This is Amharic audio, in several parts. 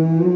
Mm-hmm.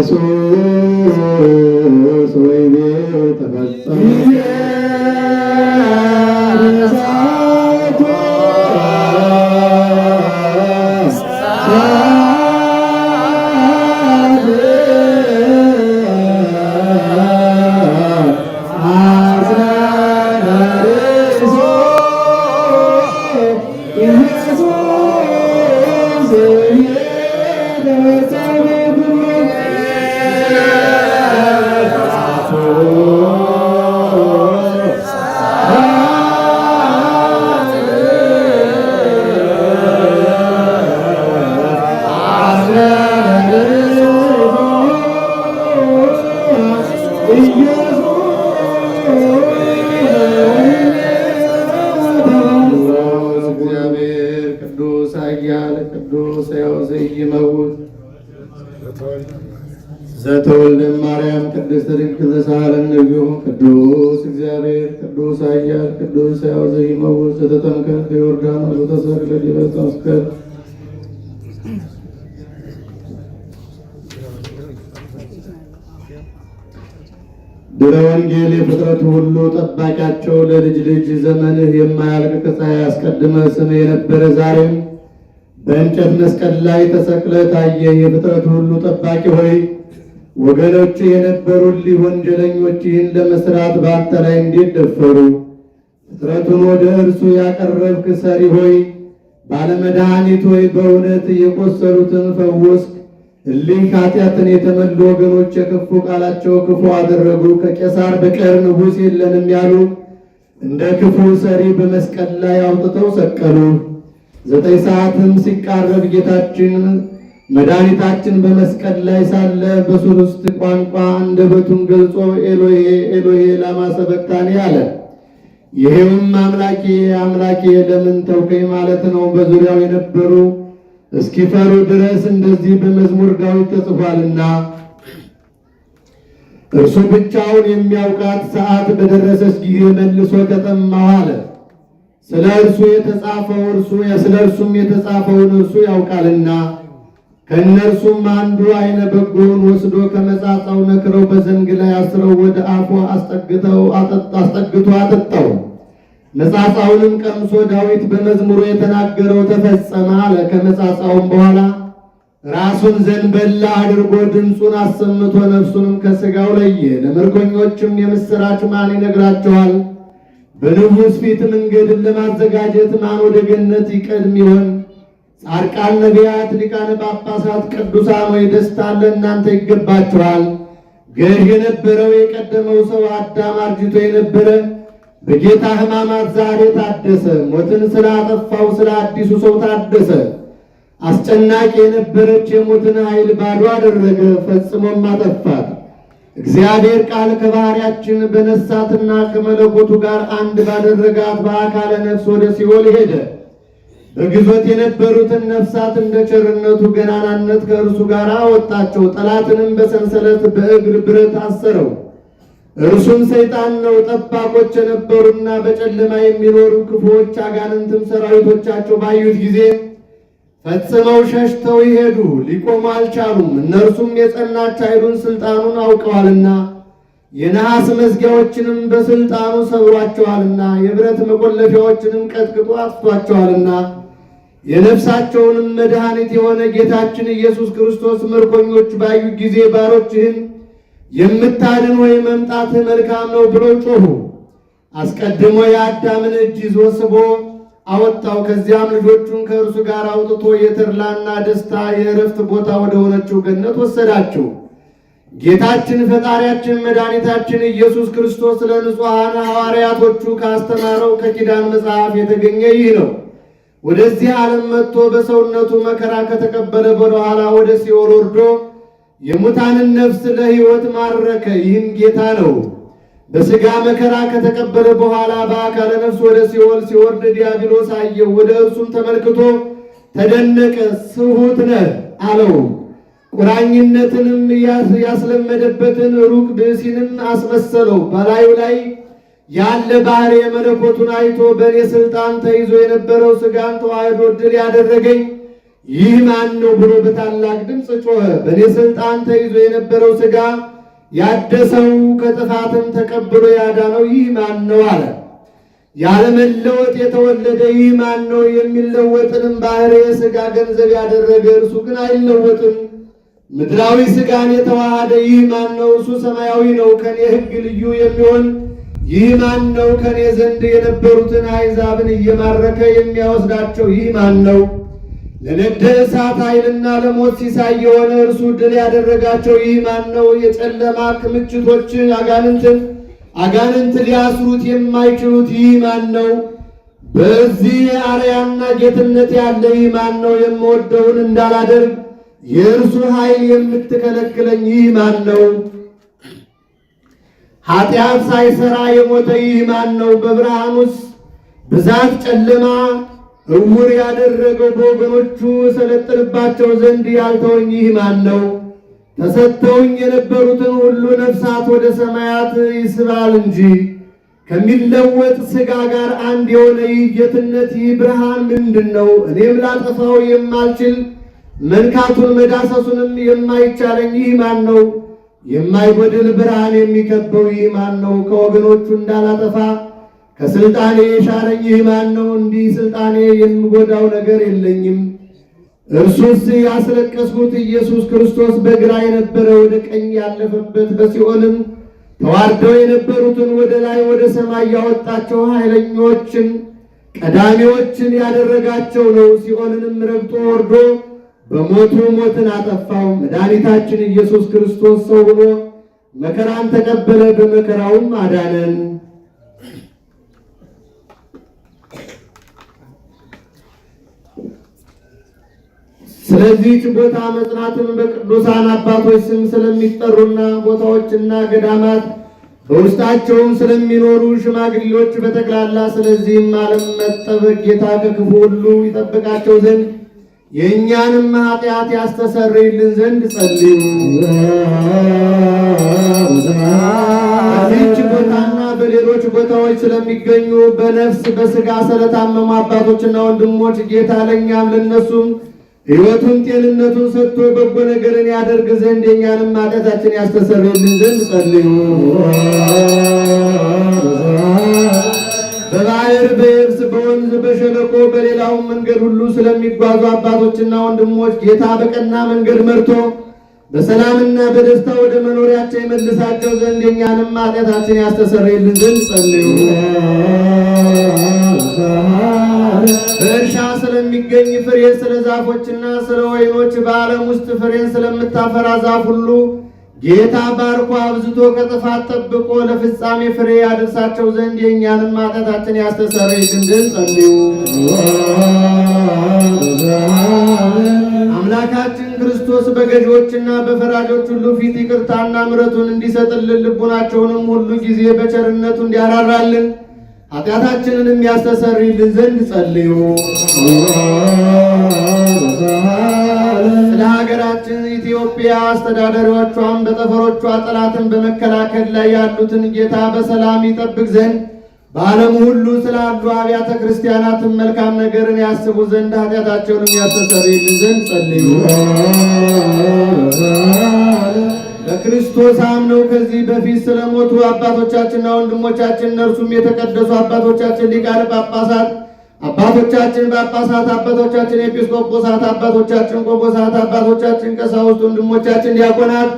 Jesus. ሕይወት ሁሉ ጠባቂያቸው ለልጅ ልጅ ዘመንህ የማያልቅ ከፀሐይ አስቀድመ ስም የነበረ ዛሬም በእንጨት መስቀል ላይ ተሰቅለ ታየ። የፍጥረት ሁሉ ጠባቂ ሆይ ወገኖች የነበሩልህ ወንጀለኞች ይህን ለመስራት በአንተ ላይ እንዴት ደፈሩ? ፍጥረቱን ወደ እርሱ ያቀረብክ ሰሪ ሆይ ባለመድኃኒት ሆይ በእውነት የቆሰሉትን ፈወስክ። እሊህ ኃጢአትን የተመሉ ወገኖች የክፉ ቃላቸው ክፉ አደረጉ። ከቄሳር በቀር ንጉሥ የለንም ያሉ እንደ ክፉ ሰሪ በመስቀል ላይ አውጥተው ሰቀሉ። ዘጠኝ ሰዓትም ሲቃረብ ጌታችን መድኃኒታችን በመስቀል ላይ ሳለ በሶስት ቋንቋ አንደበቱን ገልጾ ኤሎሄ ኤሎሄ ላማ ሰበቅታኒ አለ። ይሄውም አምላኬ አምላኬ ለምን ተውከኝ ማለት ነው። በዙሪያው የነበሩ እስኪፈሩ ድረስ እንደዚህ በመዝሙር ዳዊት ተጽፏልና እርሱ ብቻውን የሚያውቃት ሰዓት በደረሰች ጊዜ መልሶ ተጠማሁ አለ። ስለ እርሱ የተጻፈው እርሱ ስለ እርሱም የተጻፈውን እርሱ ያውቃልና ከእነርሱም አንዱ አይነ በጎውን ወስዶ ከመጻጻው ነክረው በዘንግ ላይ አስረው ወደ አፉ አስጠግተው አስጠግቶ አጠጣው። መጻጻውንም ቀምሶ ዳዊት በመዝሙሩ የተናገረው ተፈጸመ አለ። ከመጻጻውም በኋላ ራሱን ዘንበል አድርጎ ድምፁን አሰምቶ ነፍሱንም ከሥጋው ለየ። ለምርኮኞችም የምሥራች ማን ይነግራቸዋል? በንጉሥ ፊት መንገድን ለማዘጋጀት ማን ወደ ገነት ይቀድም ይሆን? ጻድቃን ነቢያት፣ ሊቃነ ጳጳሳት፣ ቅዱሳን ወይ ደስታን ለእናንተ ይገባችኋል። ገዥ የነበረው የቀደመው ሰው አዳም አርጅቶ የነበረ በጌታ ሕማማት ዛሬ ታደሰ። ሞትን ስላጠፋው ስለ አዲሱ ሰው ታደሰ። አስጨናቂ የነበረች የሞትን ኃይል ባዶ አደረገ፣ ፈጽሞም አጠፋት። እግዚአብሔር ቃል ከባህሪያችን በነሳትና ከመለኮቱ ጋር አንድ ባደረጋት በአካለ ነፍስ ወደ ሲኦል ሄደ። በግዞት የነበሩትን ነፍሳት እንደ ቸርነቱ ገናናነት ከእርሱ ጋር አወጣቸው። ጠላትንም በሰንሰለት በእግር ብረት አሰረው። እርሱም ሰይጣን ነው። ጠባቆች የነበሩና በጨለማ የሚኖሩ ክፉዎች አጋንንትም ሰራዊቶቻቸው ባዩት ጊዜ ፈጽመው ሸሽተው ይሄዱ፣ ሊቆሙ አልቻሉም። እነርሱም የጸናች ኃይሉን ስልጣኑን አውቀዋልና የነሐስ መዝጊያዎችንም በስልጣኑ ሰብሯቸዋልና የብረት መቆለፊያዎችንም ቀጥቅጦ አጥቷቸዋልና የነፍሳቸውንም መድኃኒት የሆነ ጌታችን ኢየሱስ ክርስቶስ ምርኮኞች ባዩ ጊዜ ባሮችህን የምታድን ወይ መምጣት መልካም ነው ብሎ ጮሁ። አስቀድሞ የአዳምን እጅ ይዞ ስቦ አወጣው። ከዚያም ልጆቹን ከእርሱ ጋር አውጥቶ የተድላና ደስታ የእረፍት ቦታ ወደ ሆነችው ገነት ወሰዳቸው። ጌታችን ፈጣሪያችን መድኃኒታችን ኢየሱስ ክርስቶስ ለንጹሐን ሐዋርያቶቹ ካስተማረው ከኪዳን መጽሐፍ የተገኘ ይህ ነው። ወደዚህ ዓለም መጥቶ በሰውነቱ መከራ ከተቀበለ በኋላ ወደ ሲኦል ወርዶ የሙታንን ነፍስ ለሕይወት ማረከ። ይህም ጌታ ነው። በሥጋ መከራ ከተቀበለ በኋላ በአካለ ነፍስ ወደ ሲኦል ሲወርድ ዲያብሎስ አየው። ወደ እርሱም ተመልክቶ ተደነቀ። ስሁት ነህ አለው። ቁራኝነትንም ያስለመደበትን ሩቅ ብእሲንም አስመሰለው። በላዩ ላይ ያለ ባሕርየ መለኮቱን አይቶ በእኔ ሥልጣን ተይዞ የነበረው ሥጋን ተዋህዶ ድል ያደረገኝ ይህ ማን ነው ብሎ በታላቅ ድምፅ ጮኸ። በእኔ ስልጣን ተይዞ የነበረው ስጋ ያደሰው ከጥፋትም ተቀብሎ ያዳነው ይህ ማን ነው አለ። ያለመለወጥ የተወለደ ይህ ማን ነው? የሚለወጥንም ባህር የስጋ ገንዘብ ያደረገ እርሱ ግን አይለወጥም። ምድራዊ ስጋን የተዋሃደ ይህ ማን ነው? እሱ ሰማያዊ ነው። ከኔ ሕግ ልዩ የሚሆን ይህ ማን ነው? ከኔ ዘንድ የነበሩትን አይዛብን እየማረከ የሚያወስዳቸው ይህ ማን ነው? ለነደ እሳት ኃይልና ለሞት ሲሳይ የሆነ እርሱ ድል ያደረጋቸው ይህ ማን ነው? የጨለማ ክምችቶችን አጋንንትን አጋንንት ሊያስሩት የማይችሉት ይህ ማን ነው? በዚህ አርያና ጌትነት ያለ ይህ ማን ነው? የምወደውን እንዳላደርግ የእርሱ ኃይል የምትከለክለኝ ይህ ማን ነው? ኃጢአት ሳይሰራ የሞተ ይህ ማን ነው? በብርሃኑስ ብዛት ጨለማ እውር ያደረገው በወገኖቹ ሰለጥንባቸው ዘንድ ያልተወኝ ይህ ማን ነው? ተሰጥተውኝ የነበሩትን ሁሉ ነፍሳት ወደ ሰማያት ይስባል እንጂ ከሚለወጥ ሥጋ ጋር አንድ የሆነ ይህ ጌትነት ይህ ብርሃን ምንድን ነው? እኔም ላጠፋው የማልችል መንካቱን መዳሰሱንም የማይቻለኝ ይህ ማን ነው? የማይጎድል ብርሃን የሚከበው ይህ ማን ነው? ከወገኖቹ እንዳላጠፋ ከስልጣኔ የሻረኝ ማን ነው? እንዲህ ስልጣኔ የምጎዳው ነገር የለኝም። እርሱስ ያስለቀስኩት ኢየሱስ ክርስቶስ በግራ የነበረ ወደ ቀኝ ያለፈበት በሲኦልም ተዋርደው የነበሩትን ወደ ላይ ወደ ሰማይ ያወጣቸው ኃይለኞችን ቀዳሚዎችን ያደረጋቸው ነው። ሲኦልንም ረግጦ ወርዶ በሞቱ ሞትን አጠፋው። መድኃኒታችን ኢየሱስ ክርስቶስ ሰው ሆኖ መከራን ተቀበለ፣ በመከራውም አዳነን። ስለዚህች ቦታ መጽናትን በቅዱሳን አባቶች ስም ስለሚጠሩና ቦታዎችና ገዳማት በውስጣቸውም ስለሚኖሩ ሽማግሌዎች በጠቅላላ ስለዚህም ዓለም መጠበቅ ጌታ ከክፉ ሁሉ ይጠብቃቸው ዘንድ የእኛንም ኃጢአት ያስተሰርይልን ዘንድ ጸልዩ። በዚህች ቦታና በሌሎች ቦታዎች ስለሚገኙ በነፍስ በስጋ ስለታመሙ አባቶችና ወንድሞች ጌታ ለእኛም ለነሱም ሕይወቱን ጤንነቱን ሰጥቶ በጎ ነገርን ያደርግ ዘንድ የእኛንም ኃጢአታችን ያስተሰርይልን ዘንድ ጸልዩ። በባህር በየብስ በወንዝ በሸለቆ በሌላውም መንገድ ሁሉ ስለሚጓዙ አባቶችና ወንድሞች ጌታ በቀና መንገድ መርቶ በሰላምና በደስታ ወደ መኖሪያቸው የመልሳቸው ዘንድ የእኛንም ኃጢአታችን ያስተሰርይልን ዘንድ ጸልዩ። በእርሻ ስለ ስለሚገኝ ፍሬ፣ ስለ ዛፎችና ስለ ወይኖች፣ በዓለም ውስጥ ፍሬን ስለምታፈራ ዛፍ ሁሉ ጌታ ባርኮ አብዝቶ ከጥፋት ጠብቆ ለፍጻሜ ፍሬ ያደርሳቸው ዘንድ የእኛንም ማጠታችን ያስተሰረ ዘንድ ጸልዩ። አምላካችን ክርስቶስ በገዢዎችና በፈራጆች ሁሉ ፊት ይቅርታና ምረቱን እንዲሰጥልን ልቡናቸውንም ሁሉ ጊዜ በቸርነቱ እንዲያራራልን ኃጢአታችንን የሚያስተሰርይልን ዘንድ ጸልዩ። ስለ ሀገራችን ኢትዮጵያ አስተዳዳሪዎቿን በጠፈሮቿ ጠላትን በመከላከል ላይ ያሉትን ጌታ በሰላም ይጠብቅ ዘንድ በዓለም ሁሉ ስላሉ አብያተ ክርስቲያናትን መልካም ነገርን ያስቡ ዘንድ ኃጢአታቸውን የሚያስተሰርይልን ዘንድ ጸልዩ። በክርስቶስ አምነው ከዚህ በፊት ስለሞቱ አባቶቻችንና ወንድሞቻችን እነርሱም የተቀደሱ አባቶቻችን ሊቃነ ጳጳሳት አባቶቻችን ጳጳሳት አባቶቻችን ኤጲስቆጶሳት አባቶቻችን ቆጶሳት አባቶቻችን ቀሳውስት ወንድሞቻችን ዲያቆናት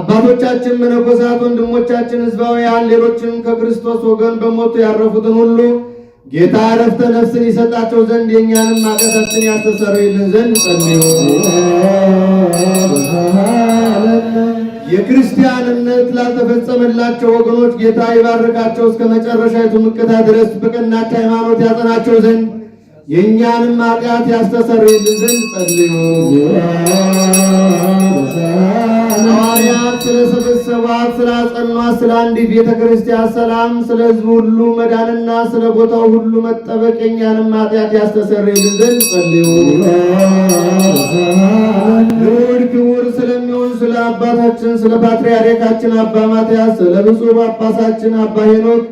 አባቶቻችን መነኮሳት ወንድሞቻችን ሕዝባውያን ሌሎችም ከክርስቶስ ወገን በሞቱ ያረፉትን ሁሉ ጌታ ዕረፍተ ነፍስን ይሰጣቸው ዘንድ የእኛንም ኃጢአታችንን ያስተሰርይልን ዘንድ ጸልዩ። የክርስቲያን እምነት ላልተፈጸመላቸው ወገኖች ጌታ ይባርካቸው እስከ መጨረሻ ምቅታ ድረስ በቀናች ሃይማኖት ያጸናቸው ዘንድ የእኛንም ኃጢአት ያስተሰርይልን ዘንድ ጸልዩ። ሐዋርያት ስለሰበሰቧት ስላጸኗት ስለ አንዲት ቤተ ክርስቲያን ሰላም ስለ ሕዝብ ሁሉ መዳንና ስለ ቦታው ሁሉ መጠበቅ የእኛንም ኃጢአት ያስተሰርይልን ዘንድ ጸልዩ። ልዑል ክቡር ስለሚሆን ስለ አባታችን ስለ ፓትርያርካችን አባ ማትያስ ስለ ብፁዕ ጳጳሳችን አባ ሄኖክ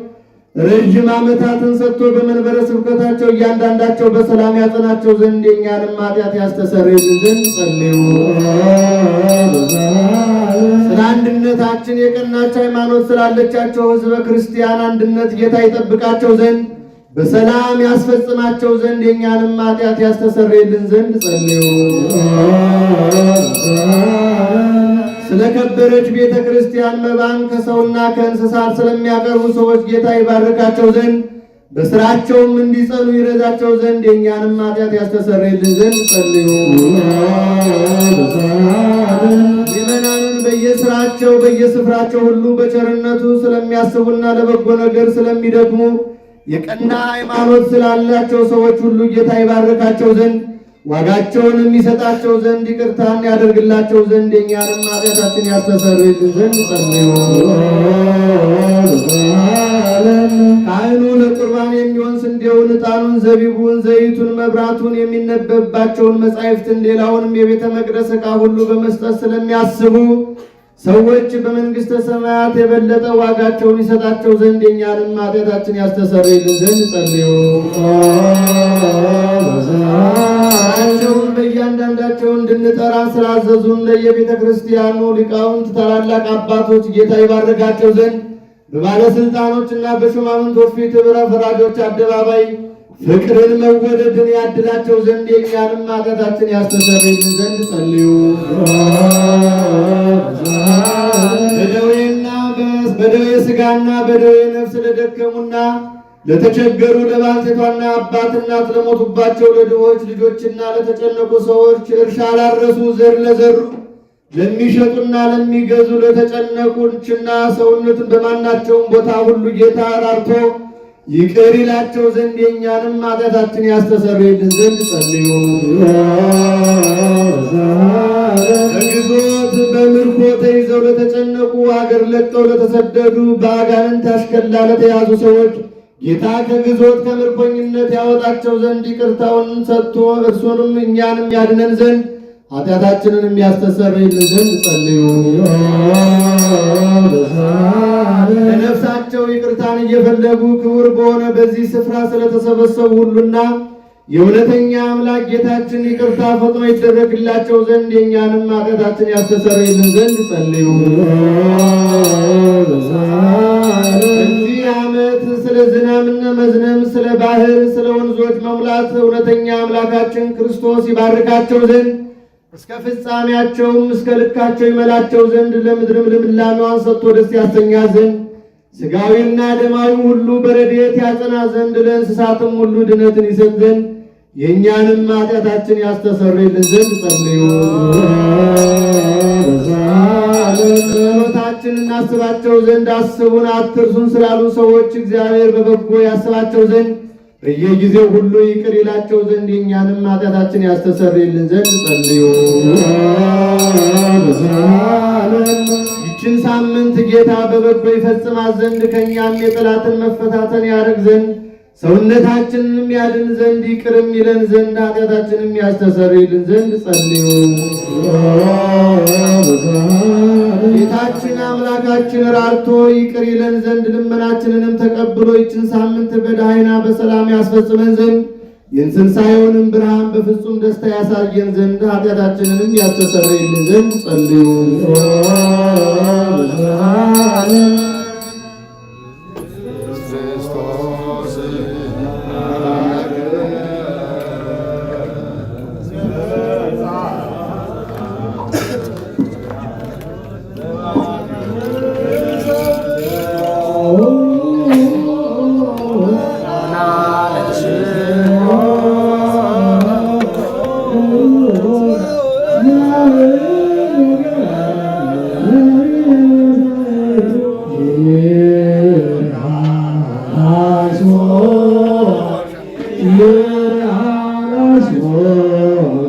ረዥም ዓመታትን ሰጥቶ በመንበረ ስብከታቸው እያንዳንዳቸው በሰላም ያጸናቸው ዘንድ የእኛንም ኃጢአት ያስተሰርይልን ዘንድ ጸልዩ። ስለ አንድነታችን የቀናች ሃይማኖት ስላለቻቸው ሕዝበ ክርስቲያን አንድነት ጌታ ይጠብቃቸው ዘንድ በሰላም ያስፈጽማቸው ዘንድ የእኛንም ኃጢአት ያስተሰርይልን ዘንድ ጸልዩ። ስለ ከበረች ቤተ ክርስቲያን መባን ከሰውና ከእንስሳት ስለሚያቀርቡ ሰዎች ጌታ ይባርካቸው ዘንድ በስራቸውም እንዲጸኑ ይረዳቸው ዘንድ የእኛንም ኃጢአት ያስተሰርይልን ዘንድ ጸልዩ። ምዕመናንን በየስራቸው በየስፍራቸው ሁሉ በቸርነቱ ስለሚያስቡና ለበጎ ነገር ስለሚደግሙ የቀና ሃይማኖት ስላላቸው ሰዎች ሁሉ ጌታ ይባርካቸው ዘንድ ዋጋቸውንም ይሰጣቸው ዘንድ ይቅርታን ያደርግላቸው ዘንድ የእኛንም ኃጢአታችን ያስተሰርይልን ዘንድ ጸልዩ። ካህኑ ለቁርባን የሚሆን ስንዴውን፣ ዕጣኑን፣ ዘቢቡን፣ ዘይቱን፣ መብራቱን፣ የሚነበብባቸውን መጻሕፍትን ሌላውንም የቤተ መቅደስ ዕቃ ሁሉ በመስጠት ስለሚያስቡ ሰዎች በመንግሥተ ሰማያት የበለጠ ዋጋቸውን ይሰጣቸው ዘንድ የእኛንም ኃጢአታችን ያስተሰርይልን ዘንድ ጸልዩ። አንቸውን በእያንዳንዳቸው እንድንጠራ ስላዘዙን ለየቤተ ክርስቲያኑ ሊቃውንት ታላላቅ አባቶች ጌታ ይባርካቸው ዘንድ በባለሥልጣኖችና በሽማምንቶች ፊት ብረ ፈራጆች አደባባይ ፍቅርን መወደድን ያድላቸው ዘንድ የእኛንም ኃጢአታችን ያስተሰርይልን ዘንድ ጸልዩ። በደዌና በደዌ ሥጋና በደዌ ነፍስ ለደከሙና ለተቸገሩ ለባልቴቷና አባት እናት ለሞቱባቸው ለድሆች ልጆችና ለተጨነቁ ሰዎች እርሻ ላረሱ ዘር ለዘሩ ለሚሸጡና ለሚገዙ ለተጨነቁችና ሰውነትን በማናቸውም ቦታ ሁሉ ጌታ ራርቶ ይቅር ይላቸው ዘንድ የእኛንም ኃጢአታችን ያስተሰርይልን ዘንድ ጸልዩ። በግዞት በምርኮ ተይዘው ለተጨነቁ አገር ለቀው ለተሰደዱ በአጋንንት አሽከላ ለተያዙ ሰዎች ጌታ ከግዞት ከምርኮኝነት ያወጣቸው ዘንድ ይቅርታውን ሰጥቶ እርሱንም እኛንም ያድነን ዘንድ ኃጢአታችንን የሚያስተሰርይልን ዘንድ ጸልዩ። ለነፍሳቸው ይቅርታን እየፈለጉ ክቡር በሆነ በዚህ ስፍራ ስለተሰበሰቡ ሁሉና የእውነተኛ አምላክ ጌታችን ይቅርታ ፈጥኖ ይደረግላቸው ዘንድ የእኛንም ኃጢአታችን ያስተሰርይልን ዘንድ ጸልዩ። በዚህ ዓመት ስለ ዝናምና መዝነም፣ ስለ ባህር፣ ስለ ወንዞች መሙላት እውነተኛ አምላካችን ክርስቶስ ይባርካቸው ዘንድ እስከ ፍጻሜያቸውም እስከ ልካቸው ይመላቸው ዘንድ ለምድርም ልምላሜዋን ሰጥቶ ደስ ያሰኛ ዘንድ ሥጋዊና ደማዊ ሁሉ በረድኤት ያጸና ዘንድ ለእንስሳትም ሁሉ ድነትን ይሰጥ ዘንድ የእኛንም ኃጢአታችን ያስተሰርይልን ዘንድ ጸልዩ። ጸሎታችን እናስባቸው ዘንድ አስቡን አትርሱን ስላሉ ሰዎች እግዚአብሔር በበጎ ያስባቸው ዘንድ በየጊዜው ሁሉ ይቅር ይላቸው ዘንድ የእኛንም ኃጢአታችን ያስተሰርይልን ዘንድ ጸልዩ። ይችን ሳምንት ጌታ በበጎ ይፈጽማት ዘንድ ከእኛም የጠላትን መፈታተን ያደርግ ዘንድ ሰውነታችንን ያድን ዘንድ ይቅርም ይለን ዘንድ ኃጢአታችንም ያስተሰርይልን ዘንድ ጸልዩ። ጌታችን አምላካችን ራርቶ ይቅር ይለን ዘንድ ልመናችንንም ተቀብሎ ይችን ሳምንት በዳይና በሰላም ያስፈጽመን ዘንድ የትንሣኤውንም ብርሃን በፍጹም ደስታ ያሳየን ዘንድ ኃጢአታችንንም ያስተሰርይልን ዘንድ ጸልዩ።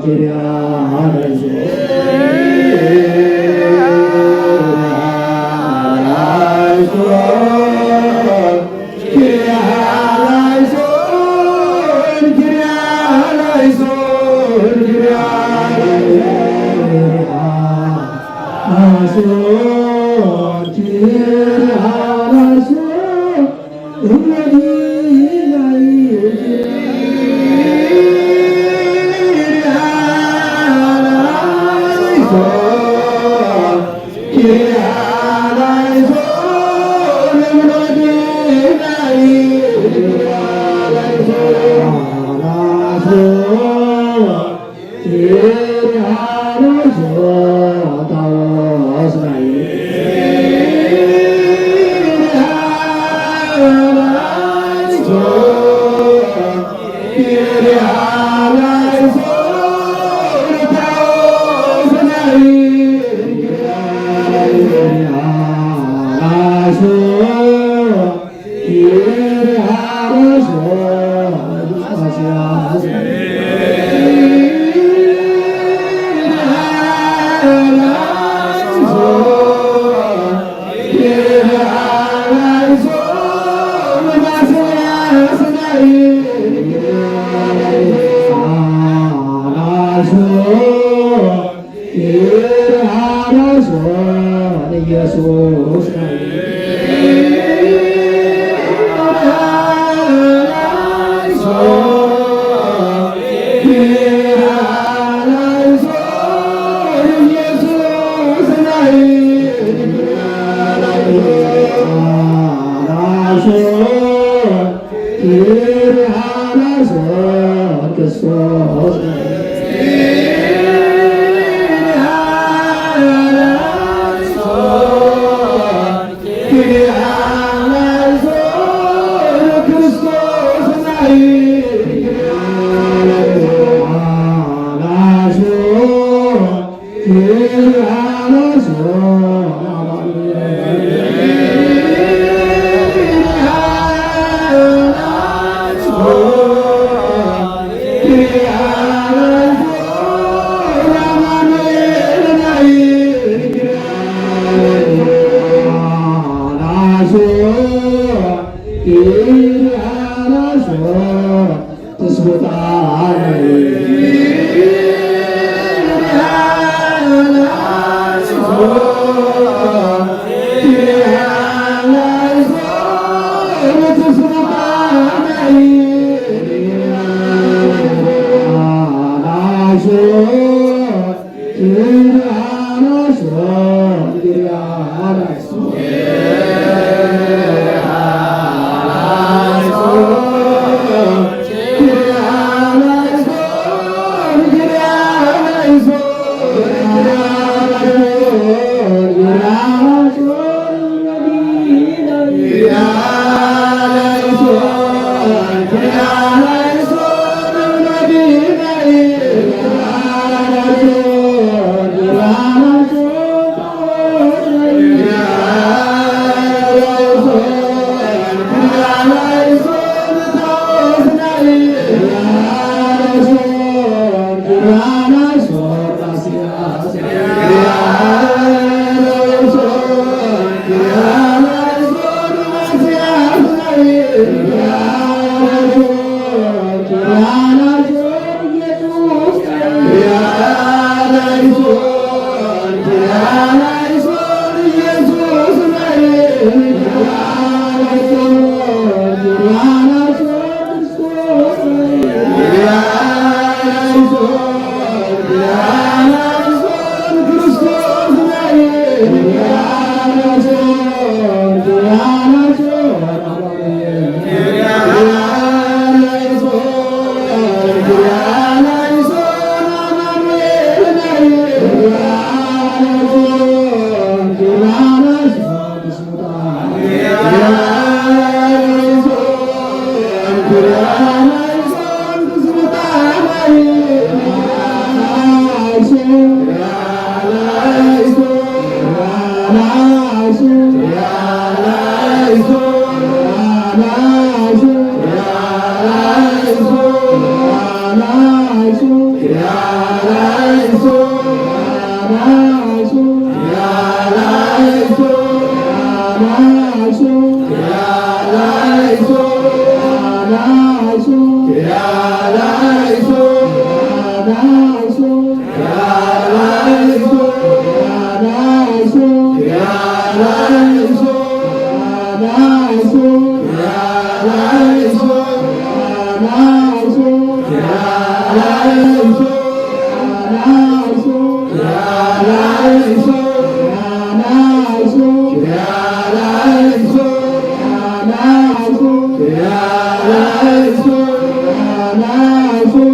Yeah. Oh. ইলাহা Yeah, so. Yeah.